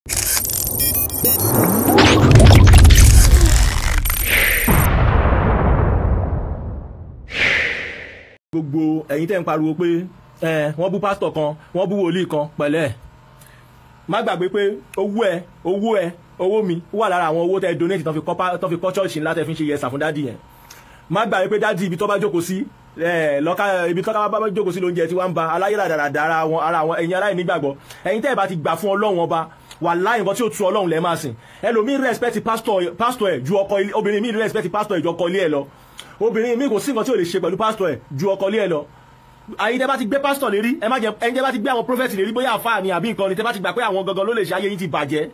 gbogbo ẹ̀yin tẹ́ ń pariwo pé wọ́n bú pásítọ̀ kan wọ́n bú wòlíì kan pẹ̀lẹ́ má gbàgbé pé owó ẹ owó ẹ owó mi wà lára àwọn owó tẹ́ donate tán fi kọ́ ṣọ́ọ̀ṣì ńlá tẹ́ fi ń ṣe yẹsà fún dádì yẹn má gbàgbé pé dádì ibi tó bá jókòó sí lọ́ka ibi tó bá jókòó sí lóúnjẹ tí wọ́n ń ba aláyé ràdàràdà ara àwọn ẹ̀yin aláìnígbàgbọ́ ẹ̀yin tẹ́ ẹ bá ti gbà fún Ọlọ́run ọba wàláhì nǹkan tí ó tu ọlọ́run lẹ́ máa sìn ẹlòmíì respect pastor pastor ẹ̀ ju ọkọ ilé obìnrin míì respect pastor ẹ̀ ju ọkọ ilé ẹ̀ lọ obìnrin míì kò sí nǹkan tí ò lè ṣe pẹ̀lú pastor ẹ̀ ju ọkọ ilé ẹ̀ lọ ayé tẹ́ bá ti gbé pastor lérí ẹ má jẹ ẹni tẹ́ bá ti gbé àwọn prophet lérí bóyá àfáà ni àbí nǹkan ni tẹ́ bá ti gbà pé àwọn gangan ló lè ṣe ayé yín ti bàjẹ́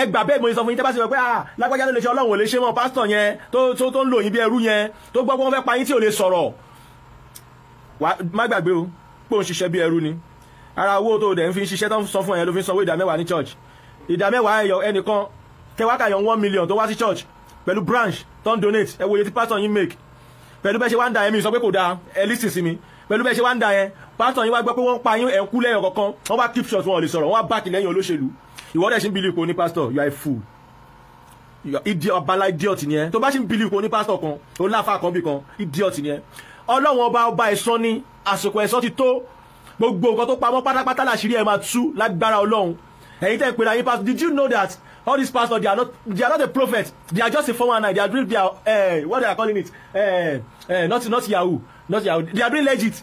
ẹ gbà bẹ́ẹ̀ mo sọ fún yín tẹ́ bá ti sọ pé ah lágbájá ló lè ṣe ọlọ́run ò lè ṣe mọ́ pásítọ̀ yẹn tó tó tó ń lò yín bí ẹrú yẹn tó gbọ́ pé wọ́n fẹ́ pa yín tí ò lè sọ̀rọ̀ wá má gbàgbé o pé òun ṣiṣẹ́ bí ẹrú ni ara owó tó dẹ̀ ń fi ṣiṣẹ́ tó ń sọ fún ẹ̀yẹn ló fi ń sanwó ìdá mẹ́wàá ní church ìdá mẹ́wàá ẹ̀yọ ẹnìkan kẹwàá yọ one million tó wá sí church pẹ̀lú branch tó ń donate ẹ wo tí pastor yín make pẹ̀lú bẹ́ẹ̀ ṣe wá ń da ẹ̀mí sọ pé kò dáa ẹ lísì sí mi pẹ̀lú bẹ́ẹ̀ ṣe wá ń da yẹn pastor yín wá gbọ́ pé wọ́n pa yín ẹ̀kú lẹ́yìn kankan wọ́n wá keep short wọn ò lè sọ̀rọ̀ wọ́n wá báàkì lẹ́yìn olóṣèlú ìwọ dẹ̀ ṣe ń bílí ipò ní pastor you are a fool ìdí ọ̀bala idiot ni ẹ tó bá ṣe ń bílí ipò ní pastor kan òun láfa kan bì kan idiot ni ẹ ọlọ́run ọba ọba ẹ̀san ni àsìkò ẹ̀san ti tó gbogbo nǹkan tó pamọ́ pátápátá làṣírí ẹ̀ máa tú lágbára ọlọ́run ẹ̀yin tẹ́ ń pera yín pastor did you know that all these pastors they are not they are not the prophet they are just a former nine they are doing their uh, what they are calling it uh, uh, not not yahoo not yahoo they are doing legit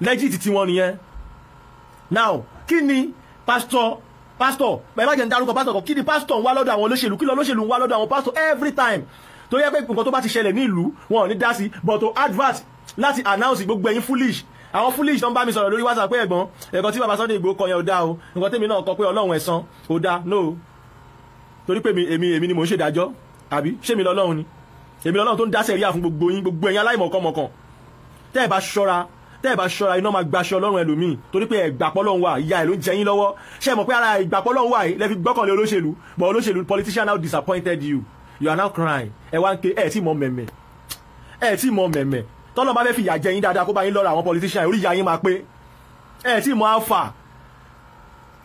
legit tiwọn nìyẹn now kí ni pastor pastor ẹ má jẹ́ ń dárúkọ pastor kan kí ni pastor ń wá lọ́dọ̀ àwọn olóṣèlú kí lọ olóṣèlú ń wá lọ́dọ̀ àwọn pastor every time tó yẹ pé nǹkan tó bá ti ṣẹlẹ̀ ní ìlú wọn ò ní dá sí but to advert láti announce gbogbo ẹ̀yin foolish àwọn foolish tó ń bá mi sọ̀rọ̀ lórí whatsapp pé ẹ̀gbọ́n ẹ̀kọ́ tí baba Sunday Igboho kọ yẹn ò dáa o nǹkan tèmi náà kọ pé ọlọ́run ẹ̀san ò dáa no torí pé èmi èmi ni mò ń ṣèdájọ́ àbí ṣé mi lọ́lọ́run ni èmi lọ́lọ́run tó ń dá sẹ̀ríà fún gbogbo yín gbogbo ẹ̀yin aláìmọ̀kànmọ̀kàn tẹ́ ẹ̀ bá ṣọ́ra tẹ́ ẹ̀ bá ṣọ́ra iná máa gbaṣẹ́ ọlọ́run ẹlòmíì torí pé ẹ̀gbàpọ̀ lọ́hùn wà ìyá ẹ̀ ló ń jẹ yín lọ́wọ́ ṣé ẹ mọ̀ pé ara ẹ̀gbàpọ̀ lọ́hùn wà lẹ́fi gbọ́kànlé olóṣèlú but olóṣèlú politician now disappointed you you are now crying ẹ wá ń ké ẹ tí mọ mẹ̀mẹ̀ ẹ tí mọ mẹ̀mẹ̀ tọ́lọ́ bá fẹ́ fi ìyà jẹ yín dáadáa kó bá yín lọ́ra àwọn politician orí ìyá yín máa pé ẹ tí mo á fà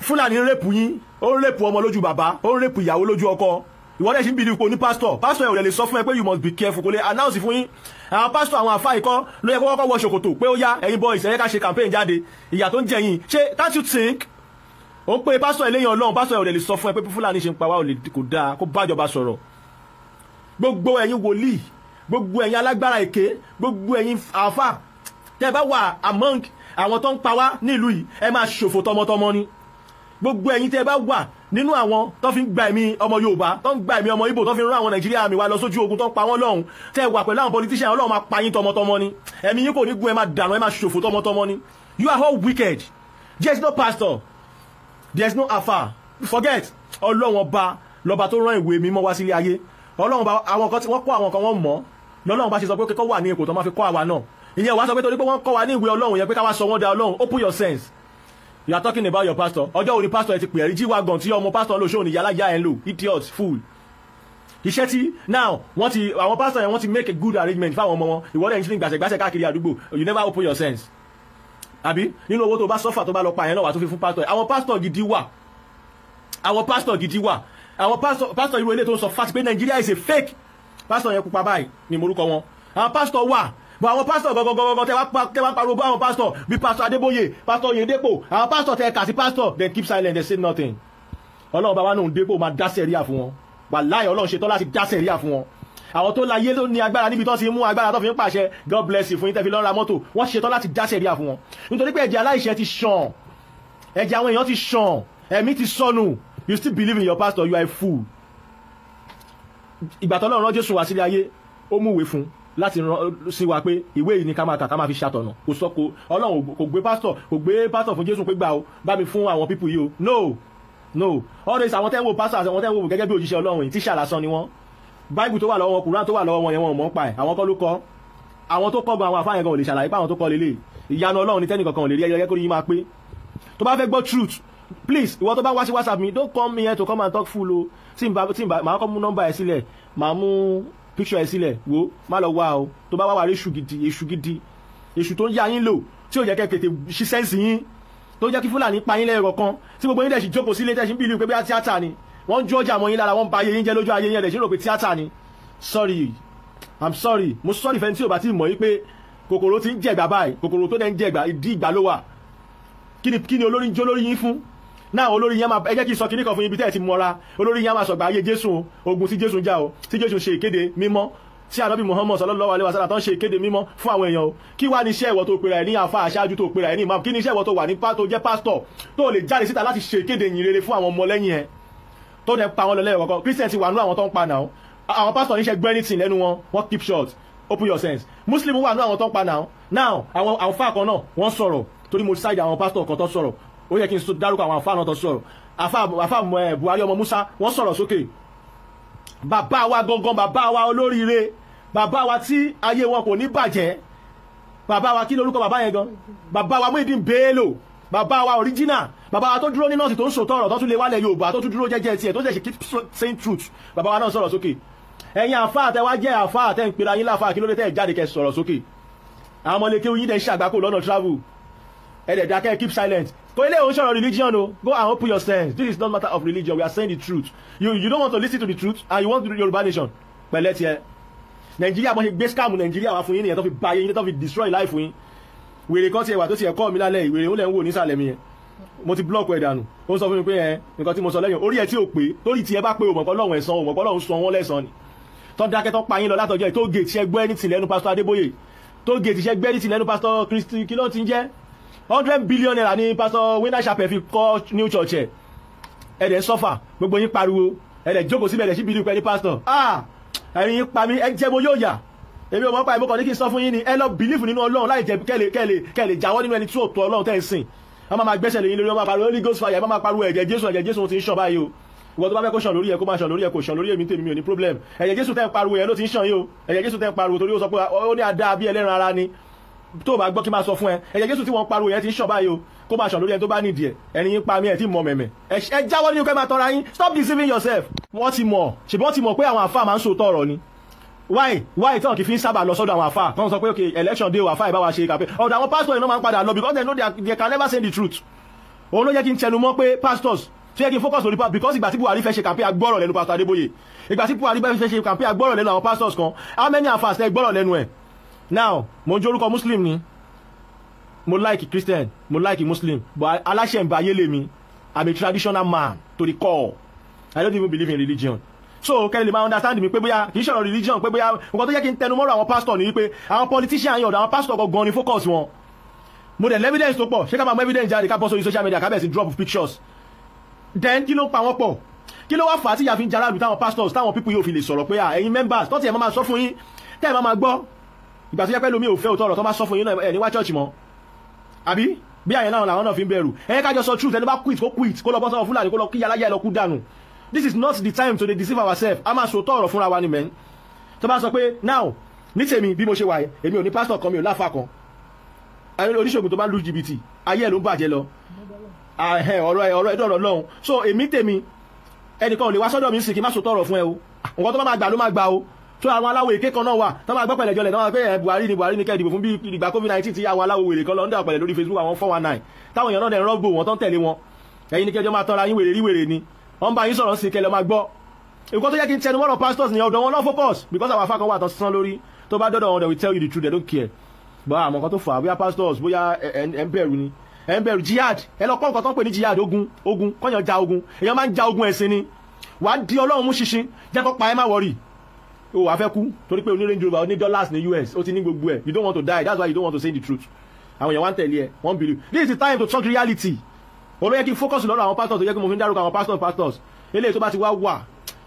fúlàní rẹ́pù yín ó ń rẹ́pù ọmọ lójú bàbá ó ń rẹ́pù ìyàwó lójú ọkọ ìwọ́n dẹ̀ sì ń bí ipò ní pásítọ̀ pásítọ̀ yẹn ò lè sọ fún ẹ pé you must be careful kò lè announce fún yín àwọn pásítọ̀ àwọn àfa ikọ́ ló yẹ kọ́kọ́ wọ ṣòkòtò pé ó yá ẹ̀yin boys ẹ̀yẹ ká ṣe campaign jáde ìyà tó ń jẹ yín ṣé that you think ó ń pe pásítọ̀ eléyìn ọlọ́run pásítọ̀ yẹn ò lè sọ fún ẹ pé fúlàní ṣe ń pa wá kò dáa kó bájọba sọ̀rọ̀ gbogbo ẹ̀yin wòlíì gbogbo ẹ̀yin alágbára èké gbogbo ẹ̀yin àáfà tẹ́ bá wà among àwọn tó ń pa wá nílùú yìí ẹ máa ṣòfò tọmọtọmọ ni gbogbo ẹ̀yin tẹ́ bá wà nínú àwọn tó fi ń gba ẹ̀mí ọmọ yorùbá tó ń gba ẹ̀mí ọmọ ibo tó fi ń rán àwọn nàìjíríà mi wá lọ sójú ogun tó ń pa wọ́n lọ́hùn tẹ́ wà pẹ̀lú àwọn politician ọlọ́run máa pa yín tọmọtọmọ ni ẹ̀mí yín kò ní gun ẹ máa dànù ẹ máa ṣòfò tọmọtọmọ ni you are all wicked there is no pastor there is no afa forget ọlọ́run ọba lọ́ba tó rán ìwé mímọ́ wá sílé ayé ọlọ́run ọba àwọn kan tí wọ́n kó àwọn kan wọ́n mọ̀ lọ́lọ́run bá ṣe sọ pé kọ́ wà ní ipò tó máa fi kọ́ àwa náà ìyẹn wàá sọ pé torí pé wọ́n kọ́ wa ní ìwé ọlọ́run yẹn pé káwa sọ wọ́n da ọlọ́run open your sense you are talking about your pastor ọjọ́ òní pastor ẹ ti pè é rí jíwá gan tí ọmọ pastor lò ṣóòní yàrá yà ẹ̀ ń lò idiot fool iṣẹ́ tí now wọ́n ti àwọn pastor yẹn wọ́n ti make a good arrangement fáwọn ọmọ wọn ìwọ́lẹ̀ ń ṣe gbàṣẹgbàṣẹ káàkiri àdúgbò you never open your sense àbí nínú owó tó bá sọ́fà tó bá lọ pa yẹn náà wà tó fi fún pastor àwọn pastor gidi wà àwọn pastor gidi wà àwọn pastor Pastor, irú ilé tó ń sọ fásitì pé Nigeria is a fake pásítọ̀ yẹn pupa báyìí ni morúkọ wọn àwọn pásítọ̀ wà bọ àwọn pásítọ̀ gọgọgọgọ tẹ wá pariwo bá àwọn pásítọ̀ bíi pásítọ̀ Adébóyè pásítọ̀ Oyèdèpò àwọn pásítọ̀ tẹ kà sí pásítọ̀ then keep silent they say nothing ọlọ́run bá wa nù dépò máa dá sẹ̀ríà fún wọn wàláhì ọlọ́run ṣetán láti dá sẹ̀ríà fún wọn àwọn tó láyé ló ní agbára níbi tó ti mú agbára tó fi ń pàṣẹ god bless you fún yín tẹ́ fi lọ ra mọ́tò wọ́n ṣetán láti dá sẹ̀ríà fún wọn nítorí pé ẹ̀jẹ̀ aláìṣẹ̀ ti ṣàn ẹ̀jẹ̀ àwọn èèyàn ti ṣàn ẹ̀mí ti sọnù you still believe in your pastor you are a fool ìgbà tó Ọlọ́run rán Jésù wá sílé ayé ó múwèé fún láti rán sí wa pé ìwé yìí ni ká máa kà ká máa fi ṣàtọ̀nà kò sọ kò Ọlọ́run kò gbé pásítọ̀ kò gbé pásítọ̀ fún Jésù pé gbà o bá mi fún àwọn pípù yìí o no no always àwọn tẹ́ ń wo pásítọ̀ àti àwọn tẹ́ ń wo gẹ́gẹ́ bí òjíṣẹ́ Ọlọ́run yìí tíṣà lásán ni wọ́n báìbù tó wà lọ́wọ́ wọn kùrán tó wà lọ́wọ́ wọn yẹn wọn mọ̀ ń pa ẹ̀ àwọn kọ́ ló kọ́ àwọn tó kọ́ gan àwọn àfáàyàn gan ò lè ṣàlàyé pé àwọn tó kọ́ lélẹ̀ ìyanu Ọlọ́run ni tẹ́nìkankan ò lè rí ẹyẹ kó yín máa pé tó bá fẹ́ gbọ́ truth please ìwọ tó bá wá sí whatsapp mi don't come here to come and talk full o tí n bá tí n bá màá kọ́ mú nọ́mbà ẹ̀ sílẹ̀ màá mú picture ẹ̀ sílẹ̀ wo má lọ wá o tó bá wá wà rí èṣù gidi èṣù gidi èṣù tó ń yá yín lò tí ò jẹ́ kẹ́ tètè ṣí sẹ́ǹsì yín tó jẹ́ kí fúlàní pa yín lẹ́ẹ̀rọ kan tí gbogbo yín dẹ̀ sì jókòó sílé tẹ̀ sí pé bí a tíátà ni wọ́n ń jó ọjà mọ́ yín lára wọ́n ń ba ayé yín jẹ́ lójú ayé yín ẹ̀ dẹ̀ sí rò pé tíátà ni sorry i'm sorry mo sorry fẹ́ni tí ò bá ti mọ̀ yí pé kòkòrò ti ń jẹ̀gbà báyìí kòkòrò tó dẹ̀ ń jẹ̀gbà ìdí ìgbà ló náà olórí yẹn máa ẹ jẹ́ kí n sọ kinní kan fún yín ibi tẹ́ ẹ ti mọ́ra olórí yẹn máa sọ̀gbà ayé jésù ogun tí jésù jà o tí jésù ṣe ìkéde mímọ́ tí ànábì muhammad sallallahu alaihi wasallam tó ń ṣe ìkéde mímọ́ fún àwọn èèyàn o kí wá ní iṣẹ́ ìwọ tó pera ẹ̀ ní àfa àṣáájú tó pera ẹ̀ ní imam kí ní iṣẹ́ ìwọ tó wà ní pátó jẹ́ pásítọ̀ tó lè jáde síta láti ṣe ìkéde yìn rere fún àwọn ọmọ lẹ́yìn ẹ̀ tó dẹ̀ pa àwọn lọ́lẹ́ ìwọ̀kan christian ti wà nú àwọn tó ń pa náà àwọn pásítọ̀ níṣẹ́ gbẹ́ anything lẹ́nu wọn wọ́n keep short open your sense muslim wà nú àwọn tó ń pa náà now àwọn àǹfà kan náà wọ́n sọ̀rọ̀ torí mo ṣáàjì àwọn pásítọ̀ kan tó sọ̀rọ̀ ó yẹ kí n sọ dárúkọ àwọn àfáà náà tó sọ̀rọ̀ àfáà eh, Buhari ọmọ Musa wọ́n sọ̀rọ̀ sókè bàbá wa gangan bàbá wa olóríire bàbá wa tí ayé wọn kò ní bàjẹ́ bàbá wa kí lórúkọ bàbá yẹn gan bàbá wa Muideen Bello bàbá wa original bàbá wa tó dúró ní nọ́ọ̀sì tó ń sòtọ́ ọ̀rọ̀ tó tún lè wálẹ̀ Yorùbá tó tún dúró jẹ́jẹ́ tiẹ̀ tó jẹ́ keep saying truth bàbá wa náà sọ̀rọ̀ sókè ẹ̀yin àfáà tẹ wá jẹ́ àfáà tẹ ń pera yín láfáà kí ló dé tẹ́ jáde kẹ́ sọ̀rọ̀ sókè àwọn lè kéwìn yín dẹ̀ ṣàgbákò lọ́nà travel ẹ̀dẹ̀ dákẹ́ keep silent kò ilé òun sọ̀rọ̀ religion o go and open your sense this is not matter of religion we are saying the truth you you don't want to listen to the truth and you want to do Yorùbá nation pẹ̀lẹ́ tiẹ̀ Nàìjíríà bọ́n ṣe gbé scam Nàìjíríà wá fún yín nìyẹn tó fi ba yín tó fi destroy life fún yín wèrè kan tiẹ̀ wà tó tiẹ̀ kọ́ mi lálẹ́ ìwèrè ó lẹ̀ ń wò nísàlẹ̀ mi yẹn mo ti blọọkù ẹ dànù ó sọ fún mi pé ẹ nǹkan tí mo sọ lẹ́yìn orí ẹ tí ò pé torí tiẹ̀ bá pé òmọ̀kọ́ lọ́hùn ẹ̀sán òmọ̀kọ́ lọ́hùn sọ wọ́n lẹ́sàn ni tó dákẹ́ tó pa yín lọ látọjọ́ yìí tó gèètì ẹgbẹ́ ní tìlẹ́nu pásítọ̀ Adébóyè tó gèètì ẹgbẹ́ ní tìlẹ́nu pásítọ̀ Kristi kí ló ti ń jẹ́ hundred billion naira ni pastor winner chapel fi kọ́ new church ẹ̀ ẹ̀ dẹ̀ sọ́fà gbogbo yín pariwo ẹ̀ dẹ̀ jókòó síbẹ̀ ẹ̀ dẹ̀ síbi ìdúpẹ́ ní pastor ah ẹ̀rín yín pa mí ẹ jẹ́ mo yóò yà èmi ò mọ̀ pa ìmọ̀kàn ní kí n sọ fún yín ni ẹ lọ bìlífù nínú ọlọ́run láì jẹ́ kẹ́lẹ̀ kẹ́lẹ̀ kẹ́lẹ̀ jáwọ́ nínú ẹni tí ò tó ọlọ́run tẹ́ ń sìn wọ́n máa máa gbẹ́sẹ̀ lé yín lórí wọ́n máa pariwo holy ghost fire wọ́n máa pariwo ẹ̀jẹ̀ jésù ẹ̀jẹ̀ jésù ti ń sàn báyìí o ìwọ tó bá fẹ́ kó sàn lórí ẹ̀ kó máa sàn lórí ẹ̀ kó sàn lórí èmi tèmi ò ní problem ẹ̀jẹ̀ jésù tẹ́ ń pariwo ẹ̀ ló ti ń sàn yìí o ẹ̀jẹ̀ jésù tẹ́ ń pariwo torí ó sọ pé ó ní adá bí ẹlẹ́ran ara ni tó bá gbọ́ kí máa sọ fún ẹ ẹ̀jẹ̀ jésù tí wọ́n pariwo yẹn ti ń ṣàn báyìí o kó máa ṣàn lórí ẹni tó bá nídìí ẹ̀ ẹni yín pa mí ẹ̀ tí mọ mẹ̀mẹ̀ ẹ jáwọ́ nínú kẹ́ máa tọ́ra yín stop deceiving yourself wọ́n ti mọ̀ ṣùgbọ́n wọ́n ti mọ̀ pé àwọn àfáà máa ń sòótọ́ ọ̀rọ̀ ni why why tí wọn kì í fi ń sábà lọ sọ́dọ̀ àwọn àfáà wọn sọ pé ok election day àfáà ìbá ṣe kàpẹ́ ọ̀dọ̀ àwọn pastors iná máa ń padà lọ because they know they, can never say the truth tí yẹ kí n focus lórí because ìgbà tí buhari fẹ́ ṣe kàmpé agbọ́rọ̀ lẹ́nu pastor adébóyè ìgbà tí buhari fẹ́ ṣe kàmpé agbọ́rọ̀ lẹ́nu àwọn pastors kan how many àfàṣẹ gbọ́rọ̀ lẹ́nu ẹ̀ now mo ń jẹ́ orúkọ muslim ni mo like christian mo like muslim but aláṣẹ ń ba ayé lè i'm a traditional man to the core i don't even believe in religion so kẹ́lẹ́ lè máa understand mi pé bóyá kì í ṣọ̀rọ̀ religion pé bóyá nǹkan tó yẹ kí n tẹnu mọ́rọ̀ àwọn pastor ni wípé àwọn politician yàn ọ̀dọ̀ àwọn pastor gan-an ni focus wọn mo dẹ̀ evidence tó pọ̀ ṣé ká máa mú evidence jáde ká bọ́ sórí social media ká bẹ̀ sí drop pictures then kí ló pa wọ́n pọ̀ kí ló wá fà á tí ìyá fi ń jaraàlú táwọn pastors táwọn people yóò fi lè sọ̀rọ̀ pé ah, ẹ̀yin members tó ti ẹ̀ máa sọ fún yín tẹ́ ẹ̀ máa gbọ́ ìgbà tó yẹ pé lómi ò fẹ́ òótọ́ ọ̀rọ̀ tó máa sọ fún yín náà ẹ̀ ní chọ́ọ̀chì mọ́ àbí bí àyẹ̀ náà làwọn náà fi ń bẹ̀rù ẹ̀yẹ kájọ sọ truth ẹni bá quit kó quit kó lọ bọ́ sọ́wọ́ fúlàní kó lọ kí alájà lọ kú dànù this is not the time to dey deceive ourselves a máa sòótọ́ ọ̀rọ̀ fúnra wa ni mẹ́n tó bá sọ pé now ní tèmi bí mo ṣe wà èmi ò ní pásítọ̀ kan mi ò láfa kan oníṣègùn tó bá lu jìbìtì ayé ẹ̀ ló ń bàjẹ́ lọ ọ̀rọ̀ ẹ̀ ọ̀rọ̀ ẹ̀ dọ̀rọ̀ so èmi tèmi ẹnìkan ò lè wá sọ́dọ̀ mi sì kí má sòótọ́ ọ̀rọ̀ fún ẹ o nǹkan tó bá máa gbà ló máa gbà o tó àwọn aláwọ̀ èké kan náà wà tó máa gbọ́ pẹ̀lẹ́ jọlẹ̀ náà pé ẹ̀ eh, Buhari ni Buhari ni kẹ́ fún bí ìgbà covid nineteen ti àwọn aláwọ̀ wèrè kan lọ ń dà pẹ̀lẹ́ lórí Facebook àwọn four one nine táwọn èèyàn náà ń rọ́gbò wọn tó tẹ̀lé wọn ẹ̀yin ni kẹjọ máa tanra yín wèrè rí wèrè ni wọ́n bá yín sọ̀rọ̀ sí kẹlẹ́ máa gbọ́ nǹkan tó yẹ kí n tẹnu mọ́rọ̀ pastors ni ọ̀dọ̀ wọn lọ́ focus because àwọn afákan wà tó sán lórí tó bá dọ́dọ̀ wọn they will tell you the truth they don't care bá àmọ́ kan tó fà á bóyá pastors bóyá ẹ̀ ni ẹ̀ jihad ẹ lọ kọ́ nǹkan tó ń pè ní jihad ogun ogun kọ́nyàn ja ogun èèyàn máa ń ja ogun ẹ̀sìn ni wàá di ọlọ́run mú ṣinṣin jẹ́ kó pa ẹ́ má wọ̀rì o wà fẹ́ kú torí pé oní range rover oní dollars ní us ó ti ní gbogbo ẹ̀ you don't want to die that's why you don't want to say the truth àwọn èèyàn wá ń tẹ̀lé ẹ wọ́n believe this is the time to talk reality olóyè kí n focus lọ́dọ̀ àwọn pastors tó yẹ kí mo fi ń dárúkọ àwọn pastors pastors eléyìí tó bá ti wá wà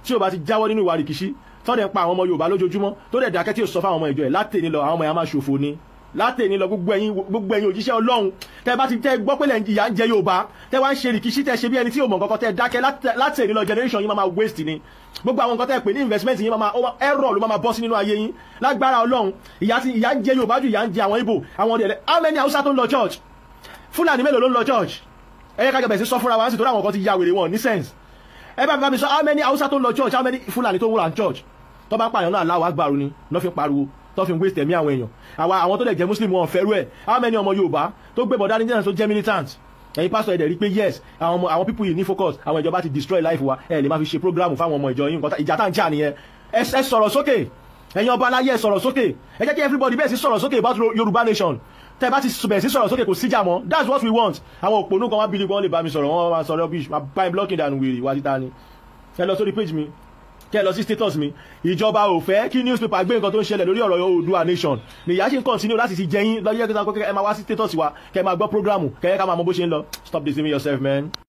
tí o bá ti jáwọ́ nínú ìwà rìkíṣí tọ́dẹ̀ ń pa àwọn ọmọ yorùbá lójoojúmọ́ tó dẹ̀ dákẹ́ tí o sọ fún àwọn ọmọ ìjọ ẹ̀ látẹ̀ni lọ àwọn ọmọ yẹn á máa ṣòfò ni látẹ̀ni lọ gbogbo ẹ̀yin gbogbo ẹ̀yin òjíṣẹ́ ọlọ́run tẹ́ bá ti tẹ́ gbọ́ pé ìyà ń jẹ yorùbá tẹ́ wá ń ṣe rìkíṣí tẹ́ ṣe bí ẹni tí ò mọ̀ kankan tẹ́ dákẹ́ látẹ̀ni lọ generation yìí máa waste ni gbogbo àwọn nǹkan tẹ́ pè ní investment yín máa ẹ̀rọ ló máa bọ́ sí nínú ayé yín lágbára ọlọ́run ìyá ti ìyá ń jẹ yorùbá jù ìyá ń jẹ àwọn ibo àwọn ọdẹ ẹlẹ how many hausa tó ń lọ church fúlàní mélòó ló ń lọ church ẹ̀yẹ ká jẹ̀bẹ̀ sí sọ fúnra wa sí torí àwọn kan ti ya wèrè wọn ní sense ẹ bá bá mi sọ how many hausa tó ń lọ church how many fúlàní tó ń wúra church tó bá pààyàn náà aláwọ̀ agbárò ni lọ́ fi pariwo tó fi ń waste ẹ̀mí àwọn èèyàn àwọn tó dẹ̀ jẹ́ muslim wọn fẹ́rú ẹ̀ how many ọmọ yorùbá tó gbé bọ̀dá ní jẹ́nà tó jẹ́ militant ẹ̀yin pásítọ̀ ẹ̀dẹ̀ rí pé yes àwọn ọmọ àwọn people yìí ní focus àwọn ìjọba ti destroy life wa ẹ̀ lè má fi ṣe program fáwọn ọmọ ìjọ yín nǹkan ìjà tá à ń jà nìyẹn ẹ sọ̀rọ̀ sókè ẹ̀yin ọba aláyẹ ẹ sọ̀rọ̀ sókè ẹ jẹ́ kí everybody bẹ́ẹ̀ sí sọ̀rọ̀ sókè about Yorùbá nation tẹ́ bá ti bẹ̀rẹ̀ sí sọ̀rọ̀ sókè kò síjà mọ́ that's what we want àwọn òpònú kan wá bí wọn lè bá mi sọ̀rọ̀ wọn wá sọ̀rọ̀ bí i bá mi blocking dànù wèrè wá títa ni ẹ lọ sórí page mi kẹ́ ẹ lọ sí status mi ìjọba ò fẹ́ kí newspaper gbé nǹkan tó ń ṣẹlẹ̀ lórí ọ̀rọ̀ Oòduà nation nìyá ṣe ń continue láti ti jẹyìn lọ́jọ́ kí ẹ máa wá sí status wa kẹ́ ẹ máa gbọ́ programu kẹ́ ẹ ká máa mọ bó ṣe ń lọ stop deceiving yourself man.